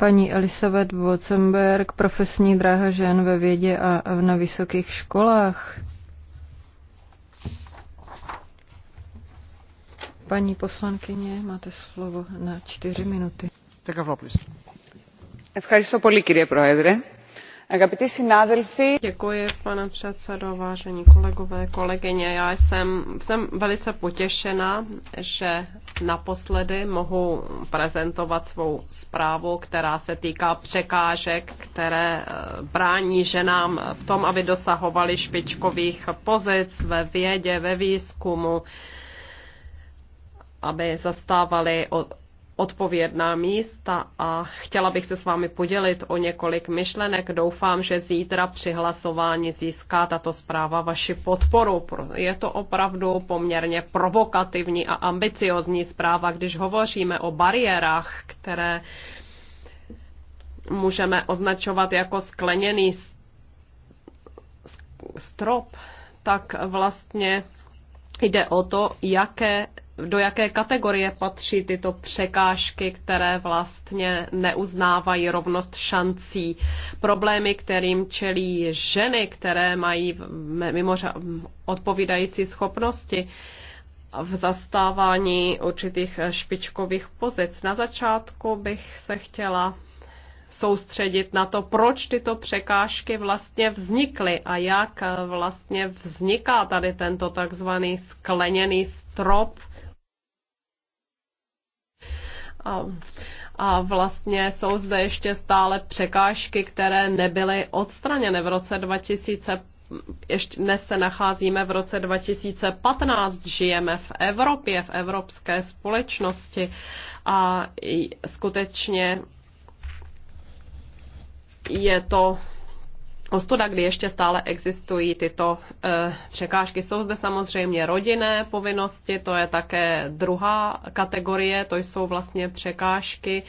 paní Elisabeth Wozenberg, profesní dráha žen ve vědě a na vysokých školách. Paní poslankyně, máte slovo na čtyři minuty. Tak a Ευχαριστώ πολύ, κύριε Πρόεδρε. Děkuji, pane předsedo, vážení kolegové, kolegyně. Já jsem, jsem velice potěšena, že naposledy mohu prezentovat svou zprávu, která se týká překážek, které eh, brání ženám v tom, aby dosahovali špičkových pozic ve vědě, ve výzkumu aby zastávali odpovědná místa a chtěla bych se s vámi podělit o několik myšlenek. Doufám, že zítra při hlasování získá tato zpráva vaši podporu. Je to opravdu poměrně provokativní a ambiciozní zpráva, když hovoříme o bariérách, které můžeme označovat jako skleněný strop, tak vlastně jde o to, jaké do jaké kategorie patří tyto překážky, které vlastně neuznávají rovnost šancí. Problémy, kterým čelí ženy, které mají mimořa- odpovídající schopnosti v zastávání určitých špičkových pozic. Na začátku bych se chtěla soustředit na to, proč tyto překážky vlastně vznikly a jak vlastně vzniká tady tento takzvaný skleněný strop, a, a vlastně jsou zde ještě stále překážky, které nebyly odstraněny v roce 2000. Ještě dnes se nacházíme v roce 2015, žijeme v Evropě, v evropské společnosti a skutečně je to ostuda, kdy ještě stále existují tyto e, překážky. Jsou zde samozřejmě rodinné povinnosti, to je také druhá kategorie, to jsou vlastně překážky,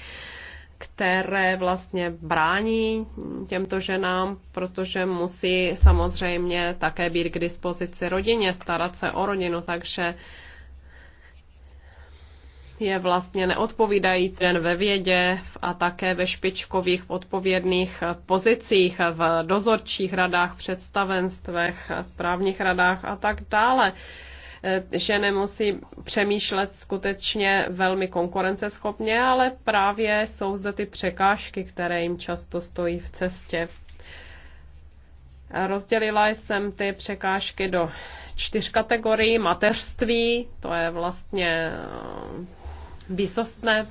které vlastně brání těmto ženám, protože musí samozřejmě také být k dispozici rodině, starat se o rodinu, takže e, je vlastně neodpovídající jen ve vědě a také ve špičkových odpovědných pozicích, v dozorčích radách, představenstvech, správních radách a tak dále že nemusí přemýšlet skutečně velmi konkurenceschopně, ale právě jsou zde ty překážky, které jim často stojí v cestě. Rozdělila jsem ty překážky do čtyř kategorií. Mateřství, to je vlastně výsostné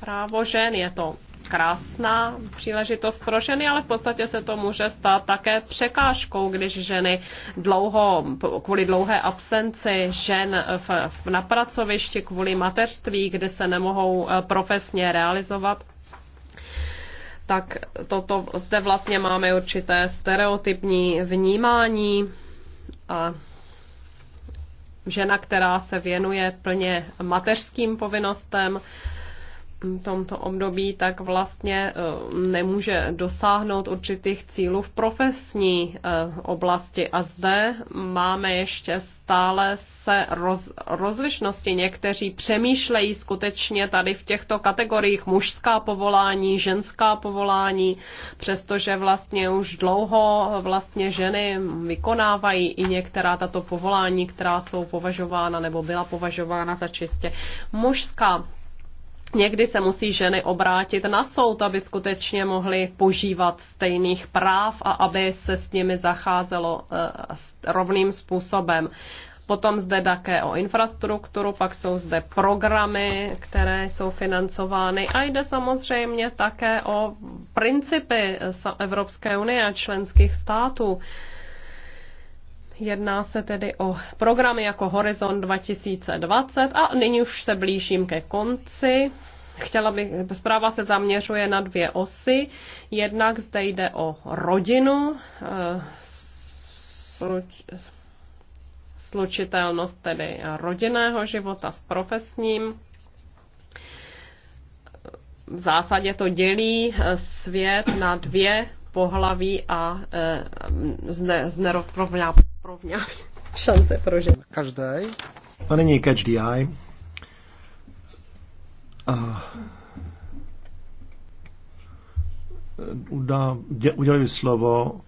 právo žen, je to krásná příležitost pro ženy, ale v podstatě se to může stát také překážkou, když ženy dlouho, kvůli dlouhé absenci žen v, v, na pracovišti, kvůli mateřství, kde se nemohou eh, profesně realizovat, tak toto zde vlastně máme určité stereotypní vnímání a žena, která se věnuje plně mateřským povinnostem, tomto období, tak vlastně eh, nemůže dosáhnout určitých cílů v profesní eh, oblasti. A zde máme ještě stále se roz, rozlišnosti. Někteří přemýšlejí skutečně tady v těchto kategoriích mužská povolání, ženská povolání, přestože vlastně už dlouho vlastně ženy vykonávají i některá tato povolání, která jsou považována nebo byla považována za čistě mužská Někdy se musí ženy obrátit na soud, aby skutečně mohly požívat stejných práv a aby se s nimi zacházelo eh, rovným způsobem. Potom zde také o infrastrukturu, pak jsou zde programy, které jsou financovány a jde samozřejmě také o principy Evropské unie a členských států. Jedná se tedy o programy jako Horizon 2020 a nyní už se blížím ke konci. Chtěla bych, zpráva se zaměřuje na dvě osy. Jednak zde jde o rodinu, eh, slučitelnost tedy rodinného života s profesním. V zásadě to dělí eh, svět na dvě pohlaví a eh, zne, znerovná rovňávě šance pro ženy. Každý. To není catch the eye. A... Udá, dě, udělali slovo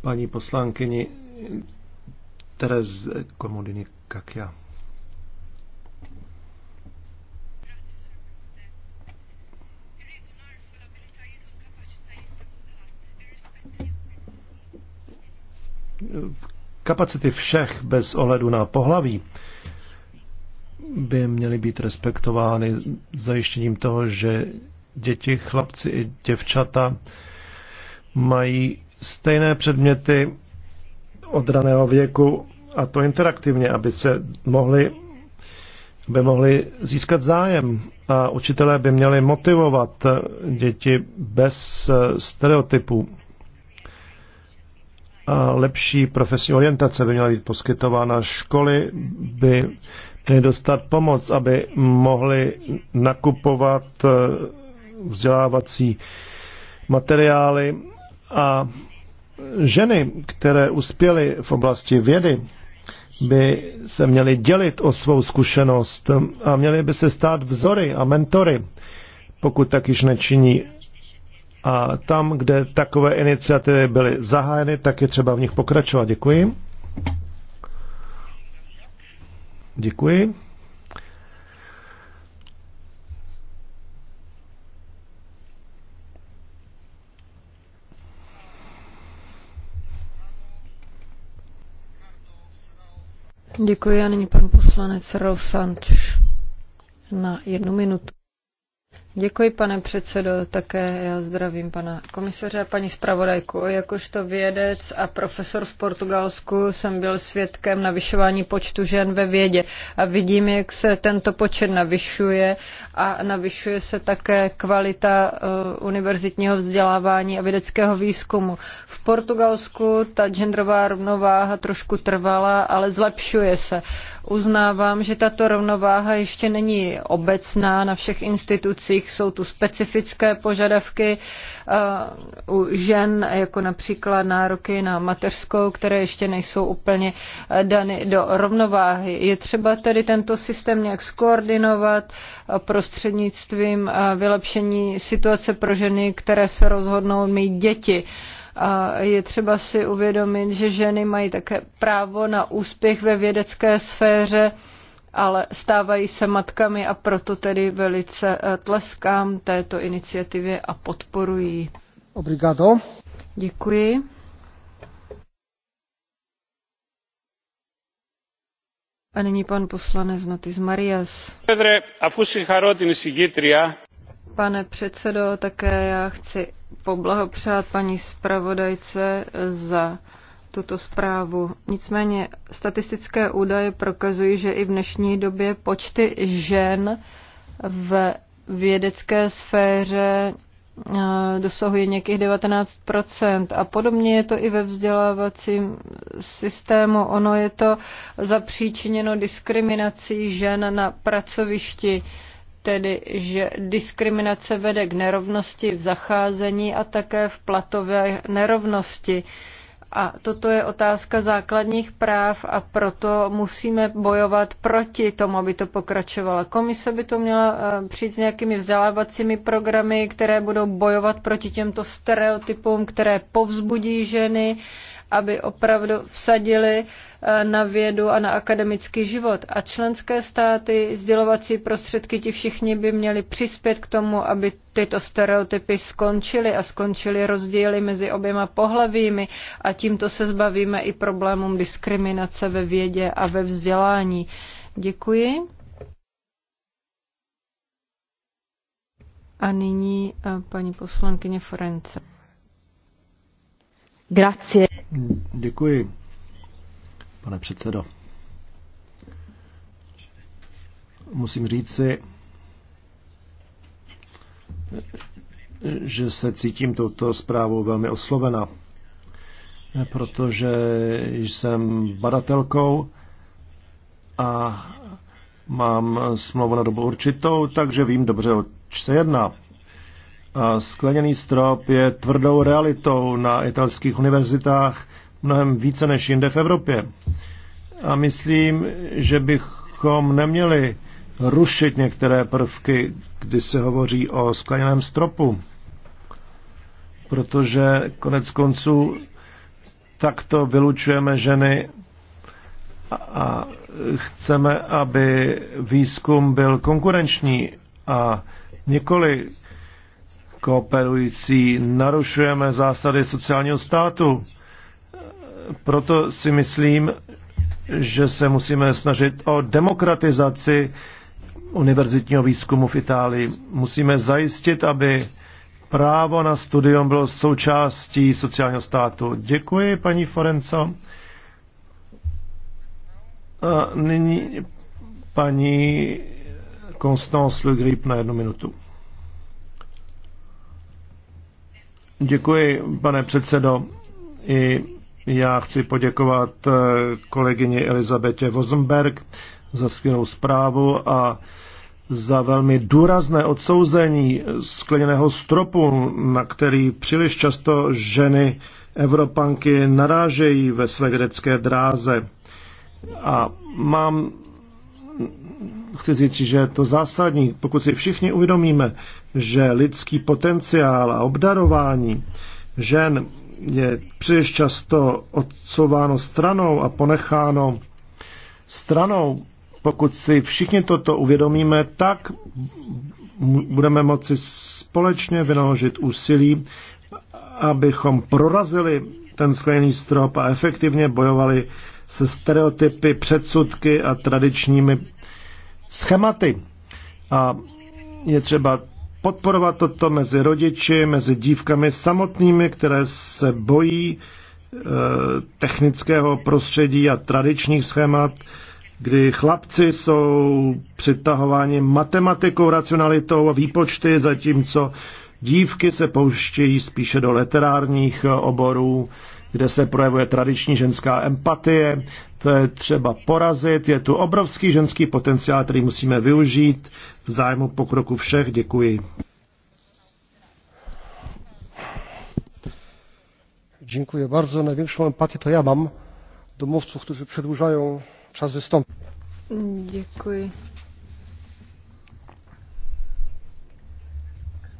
paní poslankyni Terez Komodiny Kakia. kapacity všech bez ohledu na pohlaví by měly být respektovány zajištěním toho, že děti, chlapci i děvčata mají stejné předměty od raného věku a to interaktivně, aby se mohli by mohli získat zájem a učitelé by měli motivovat děti bez stereotypů a lepší profesní orientace by měla být poskytována. Školy by měly dostat pomoc, aby mohly nakupovat eh, vzdělávací materiály a ženy, které uspěly v oblasti vědy, by se měly dělit o svou zkušenost a měly by se stát vzory a mentory, pokud tak již nečiní a tam, kde takové iniciativy byly zahájeny, tak je třeba v nich pokračovat. Děkuji. Děkuji. Děkuji a nyní pan poslanec Rosanč na jednu minutu. Děkuji, pane předsedo. Také já zdravím pana komisaře a paní zpravodajku. Jakožto vědec a profesor v Portugalsku jsem byl svědkem navyšování počtu žen ve vědě a vidím, jak se tento počet navyšuje a navyšuje se také kvalita eh, univerzitního vzdělávání a vědeckého výzkumu. V Portugalsku ta genderová rovnováha trošku trvala, ale zlepšuje se Uznávám, že tato rovnováha ještě není obecná na všech institucích. Jsou tu specifické požadavky eh, u žen, jako například nároky na mateřskou, které ještě nejsou úplně eh, dany do rovnováhy. Je třeba tedy tento systém nějak skoordinovat eh, prostřednictvím vylepšení situace pro ženy, které se rozhodnou mít děti. A je třeba si uvědomit, že ženy mají také právo na úspěch ve vědecké sféře, ale stávají se matkami a proto tedy velice eh, tleskám této iniciativě a podporují. Obrigado. Děkuji. A nyní pan poslanec Notis Marias. Pedre, a fusin charotin sigitria, pane předsedo, také já chci poblahopřát paní zpravodajce za tuto zprávu. Nicméně statistické údaje prokazují, že i v dnešní době počty žen v vědecké sféře eh, dosahuje nějakých 19%. A podobně je to i ve vzdělávacím systému. Ono je to zapříčiněno diskriminací žen na pracovišti tedy, že diskriminace vede k nerovnosti v zacházení a také v platové nerovnosti. A toto je otázka základních práv a proto musíme bojovat proti tomu, aby to pokračovalo. Komise by to měla eh, přijít s nějakými vzdělávacími programy, které budou bojovat proti těmto stereotypům, které povzbudí ženy, aby opravdu vsadili eh, na vědu a na akademický život. A členské státy, sdělovací prostředky, ti všichni by měli přispět k tomu, aby tyto stereotypy skončily a skončily rozdíly mezi oběma pohlavími a tímto se zbavíme i problémům diskriminace ve vědě a ve vzdělání. Děkuji. A nyní eh, paní poslankyně Forence. Grazie. Děkuji, pane předsedo. Musím říci, že se cítím touto zprávou velmi oslovena, protože jsem badatelkou a mám smlouvu na dobu určitou, takže vím dobře, o co se jedná. A skleněný strop je tvrdou realitou na italských univerzitách mnohem více než jinde v Evropě. A myslím, že bychom neměli rušit některé prvky, kdy se hovoří o skleněném stropu. Protože konec konců takto vylučujeme ženy a chceme, aby výzkum byl konkurenční a nikoli kooperující, narušujeme zásady sociálního státu. Proto si myslím, že se musíme snažit o demokratizaci univerzitního výzkumu v Itálii. Musíme zajistit, aby právo na studium bylo součástí sociálního státu. Děkuji, paní Forenco. A nyní paní Constance Le Grip na jednu minutu. Děkuji, pane předsedo. I já chci poděkovat eh, kolegyni Elizabetě Vozenberg za skvělou zprávu a za velmi důrazné odsouzení skleněného stropu, na který příliš často ženy Evropanky narážejí ve své vědecké dráze. A mám chci říct, že to zásadní. Pokud si všichni uvědomíme, že lidský potenciál a obdarování žen je příliš často odsouváno stranou a ponecháno stranou, pokud si všichni toto uvědomíme, tak budeme moci společně vynaložit úsilí, abychom prorazili ten sklený strop a efektivně bojovali se stereotypy, předsudky a tradičními schématy. A je třeba podporovat toto mezi rodiči, mezi dívkami samotnými, které se bojí e, technického prostředí a tradičních schémat, kdy chlapci jsou přitahováni matematikou, racionalitou a výpočty, zatímco dívky se pouštějí spíše do literárních oborů, kde se projevuje tradiční ženská empatie, to je třeba porazit. Je tu obrovský ženský potenciál, který musíme využít v zájmu pokroku všech. Děkuji. Dziękuję bardzo. Największą empatię to ja mam do mówców, którzy przedłużają czas wystąpień. Děkuji.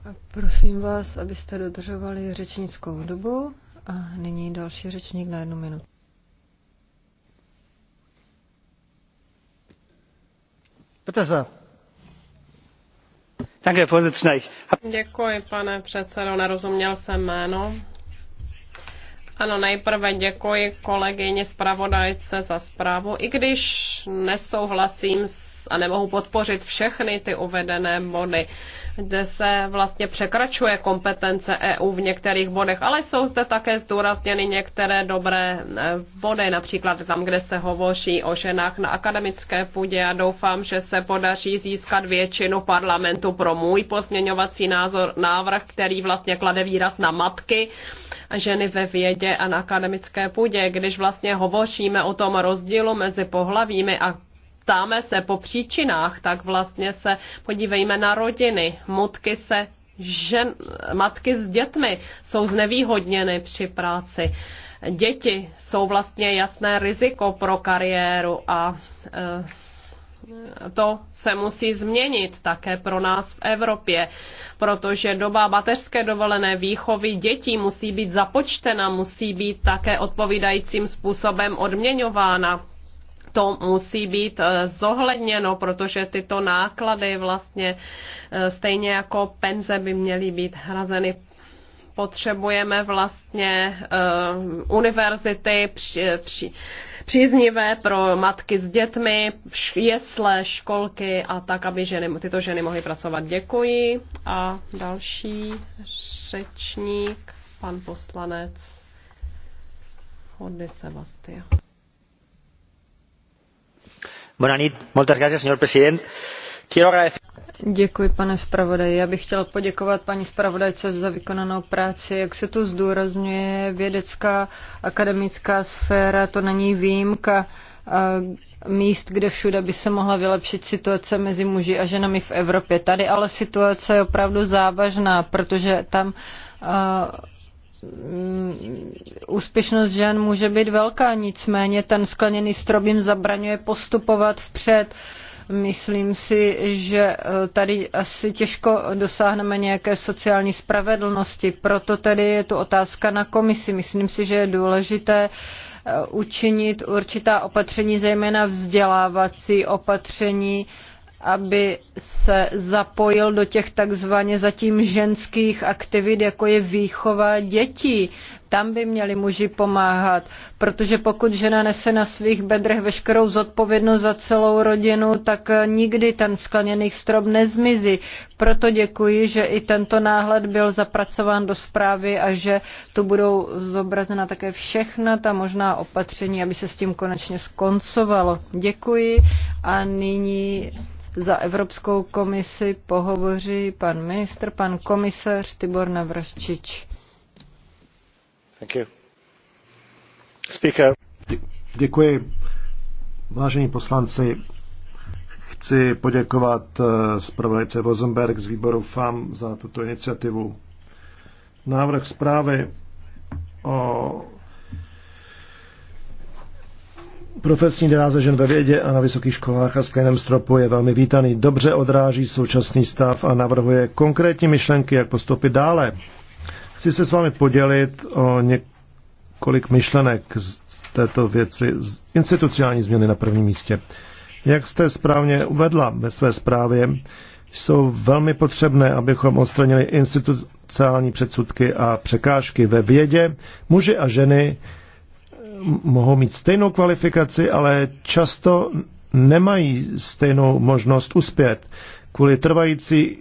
A prosím vás, abyste dodržovali řečnickou dobu. A nyní další řečník na jednu minutu. Děkuji, pane předsedající nerozuměl jsem jméno. Ano, nejprve děkuji kolegyni zpravodajce za zprávu, i když nesouhlasím a nemohu podpořit všechny ty uvedené body kde se vlastně překračuje kompetence EU v některých bodech, ale jsou zde také zdůrazněny některé dobré e, body, například tam, kde se hovoří o ženách na akademické půdě a doufám, že se podaří získat většinu parlamentu pro můj pozměňovací názor, návrh, který vlastně klade výraz na matky ženy ve vědě a na akademické půdě. Když vlastně hovoříme o tom rozdílu mezi pohlavími a ptáme se po příčinách, tak vlastně se podívejme na rodiny. Mutky se žen, matky s dětmi jsou znevýhodněny při práci. Děti jsou vlastně jasné riziko pro kariéru a e, to se musí změnit také pro nás v Evropě, protože doba bateřské dovolené výchovy dětí musí být započtena, musí být také odpovídajícím způsobem odměňována to musí být eh, zohledněno, protože tyto náklady vlastně eh, stejně jako penze by měly být hrazeny potřebujeme vlastně uh, univerzity při, při, příznivé pro matky s dětmi, jesle, školky a tak, aby ženy, tyto ženy mohly pracovat. Děkuji. A další řečník, pan poslanec Hodny Sebastia. Děkuji, pane zpravodaji. Já bych chtěl poděkovat paní zpravodajce za vykonanou práci. Jak se tu zdůrazňuje, vědecká akademická sféra, to není výjimka míst, kde všude by se mohla vylepšit situace mezi muži a ženami v Evropě. Tady ale situace je opravdu závažná, protože tam Mm, úspěšnost žen může být velká, nicméně ten skleněný strop jim zabraňuje postupovat vpřed. Myslím si, že eh, tady asi těžko dosáhneme nějaké sociální spravedlnosti. Proto tedy je tu otázka na komisi. Myslím si, že je důležité eh, učinit určitá opatření, zejména vzdělávací opatření, aby se zapojil do těch takzvaně zatím ženských aktivit, jako je výchova dětí. Tam by měli muži pomáhat, protože pokud žena nese na svých bedrech veškerou zodpovědnost za celou rodinu, tak nikdy ten skleněný strop nezmizí. Proto děkuji, že i tento náhled byl zapracován do zprávy a že tu budou zobrazena také všechna ta možná opatření, aby se s tím konečně skoncovalo. Děkuji a nyní za Evropskou komisi pohovoří pan ministr, pan komisař Tibor Navrščič. Děkuji. Vážení poslanci, chci poděkovat eh, zpravodajce Vozenberg z výboru FAM za tuto iniciativu. Návrh zprávy o Profesní dráze žen ve vědě a na vysokých školách a skleném stropu je velmi vítaný. Dobře odráží současný stav a navrhuje konkrétní myšlenky, jak postupit dále. Chci se s vámi podělit o několik myšlenek z této věci, z institucionální změny na prvním místě. Jak jste správně uvedla ve své zprávě, jsou velmi potřebné, abychom odstranili institucionální předsudky a překážky ve vědě. Muži a ženy mohou mít stejnou kvalifikaci, ale často nemají stejnou možnost uspět kvůli trvající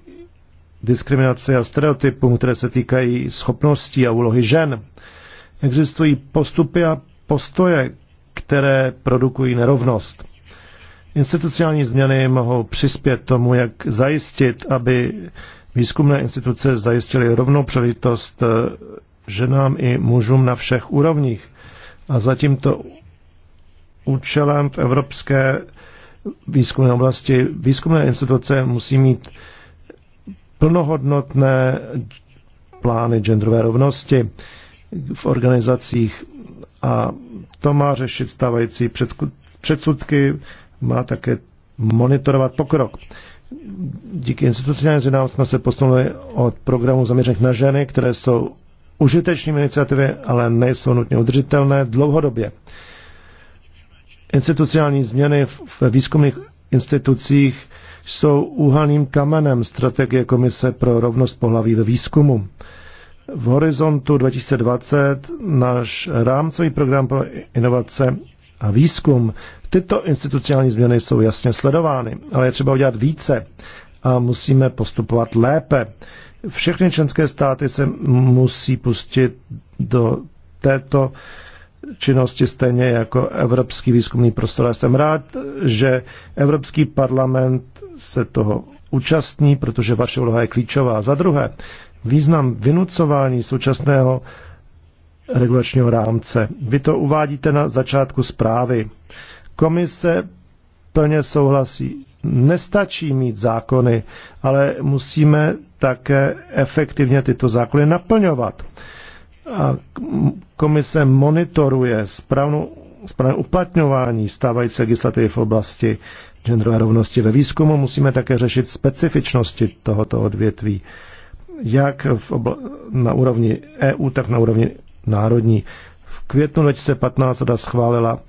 diskriminaci a stereotypům, které se týkají schopností a úlohy žen. Existují postupy a postoje, které produkují nerovnost. Institucionální změny mohou přispět tomu, jak zajistit, aby výzkumné instituce zajistily rovnou příležitost eh, ženám i mužům na všech úrovních. A za tímto účelem v evropské výzkumné oblasti výzkumné instituce musí mít plnohodnotné plány genderové rovnosti v organizacích a to má řešit stávající předsudky, má také monitorovat pokrok. Díky institucionálním změnám jsme se posunuli od programů zaměřených na ženy, které jsou užitečnými iniciativy, ale nejsou nutně udržitelné dlouhodobě. Institucionální změny ve výzkumných institucích jsou úhelným kamenem strategie Komise pro rovnost pohlaví ve výzkumu. V horizontu 2020 náš rámcový program pro inovace a výzkum. Tyto institucionální změny jsou jasně sledovány, ale je třeba udělat více a musíme postupovat lépe všechny členské státy se musí pustit do této činnosti stejně jako Evropský výzkumný prostor. Já jsem rád, že Evropský parlament se toho účastní, protože vaše úloha je klíčová. Za druhé, význam vynucování současného regulačního rámce. Vy to uvádíte na začátku zprávy. Komise plně souhlasí. Nestačí mít zákony, ale musíme také efektivně tyto zákony naplňovat. A komise monitoruje správnou, správné uplatňování stávající legislativy v oblasti genderové rovnosti ve výzkumu. Musíme také řešit specifičnosti tohoto odvětví, jak v obla- na úrovni EU, tak na úrovni národní. V květnu 2015 schválila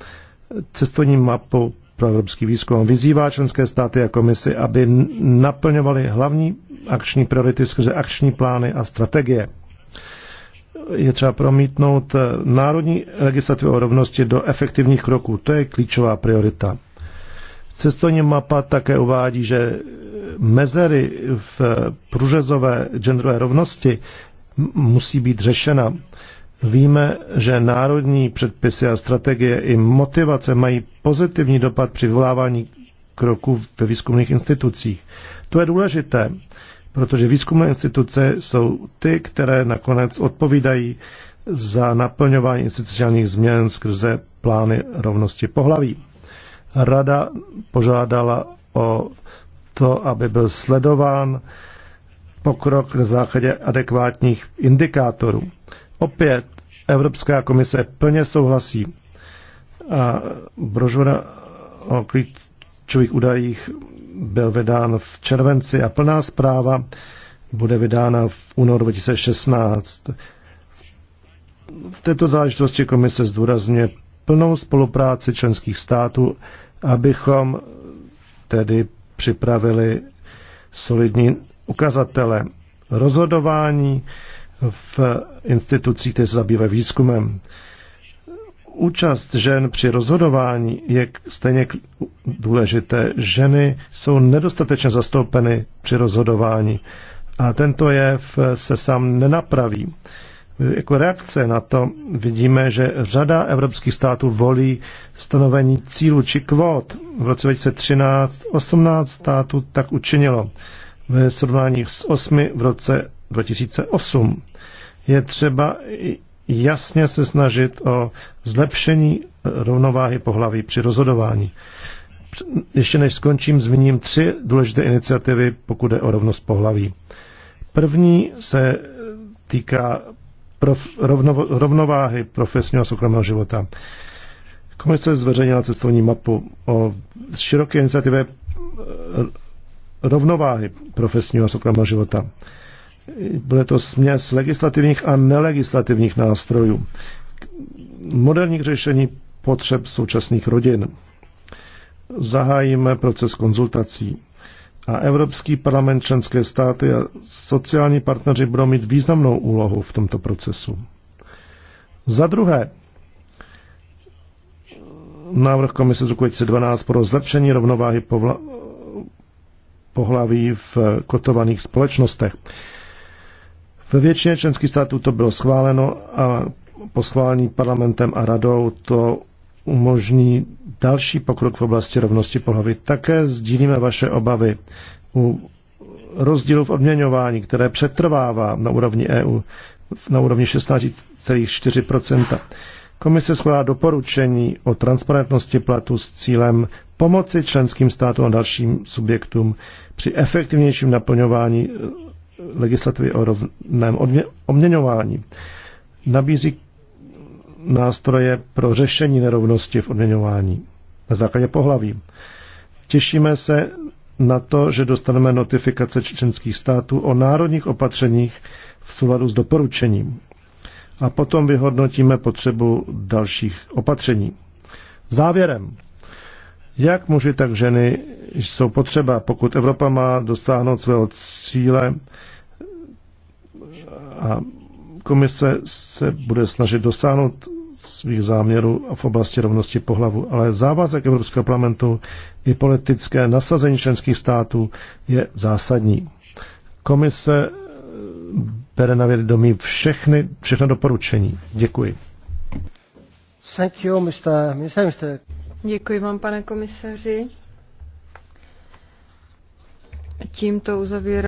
cestovní mapu pro evropský výzkum vyzývá členské státy a komisi, aby naplňovaly hlavní akční priority skrze akční plány a strategie. Je třeba promítnout eh, národní legislativu o rovnosti do efektivních kroků. To je klíčová priorita. Cestovní mapa také uvádí, že eh, mezery v eh, průřezové genderové rovnosti musí být řešena Víme, že národní předpisy a strategie i motivace mají pozitivní dopad při vyvolávání kroků ve výzkumných institucích. To je důležité, protože výzkumné instituce jsou ty, které nakonec odpovídají za naplňování institucionálních změn skrze plány rovnosti pohlaví. Rada požádala o to, aby byl sledován pokrok na základě adekvátních indikátorů. Opět Evropská komise plně souhlasí a brožura o klíčových údajích byl vydán v červenci a plná zpráva bude vydána v únoru 2016. V této záležitosti komise zdůrazňuje plnou spolupráci členských států, abychom tedy připravili solidní ukazatele rozhodování, v institucích, které se zabývají výzkumem. Účast žen při rozhodování je stejně důležité. Ženy jsou nedostatečně zastoupeny při rozhodování a tento jev se sám nenapraví. Jako reakce na to vidíme, že řada evropských států volí stanovení cílu či kvót. V roce 2013 18 států tak učinilo ve srovnání s 8 v roce 2008. Je třeba jasně se snažit o zlepšení rovnováhy pohlaví při rozhodování. Ještě než skončím, zmíním tři důležité iniciativy, pokud je o rovnost pohlaví. První se týká prof, rovno, rovnováhy profesního a soukromého života. Komise zveřejnila cestovní mapu o široké iniciativě eh, rovnováhy profesního a soukromého života. Bude to směs legislativních a nelegislativních nástrojů, moderních řešení potřeb současných rodin. Zahájíme proces konzultací a Evropský parlament, členské státy a sociální partneři budou mít významnou úlohu v tomto procesu. Za druhé, návrh komise z roku 2012 pro zlepšení rovnováhy povla- pohlaví v kotovaných společnostech. Ve většině členských států to bylo schváleno a po schválení parlamentem a radou to umožní další pokrok v oblasti rovnosti pohlaví. Také sdílíme vaše obavy u rozdílu v odměňování, které přetrvává na úrovni EU na úrovni 16,4 Komise schválila doporučení o transparentnosti platu s cílem pomoci členským státům a dalším subjektům při efektivnějším naplňování legislativy o rovném odměňování. Nabízí nástroje pro řešení nerovnosti v odměňování na základě pohlaví. Těšíme se na to, že dostaneme notifikace čečenských států o národních opatřeních v souladu s doporučením. A potom vyhodnotíme potřebu dalších opatření. Závěrem jak muži, tak ženy jsou potřeba, pokud Evropa má dosáhnout svého cíle a komise se bude snažit dosáhnout svých záměrů v oblasti rovnosti pohlavu, ale závazek Evropského parlamentu i politické nasazení členských států je zásadní. Komise bere na vědomí všechny, všechna doporučení. Děkuji. Thank you, Mr. Minister, Mr. Děkuji vám, pane komisaři. Tímto uzavírám.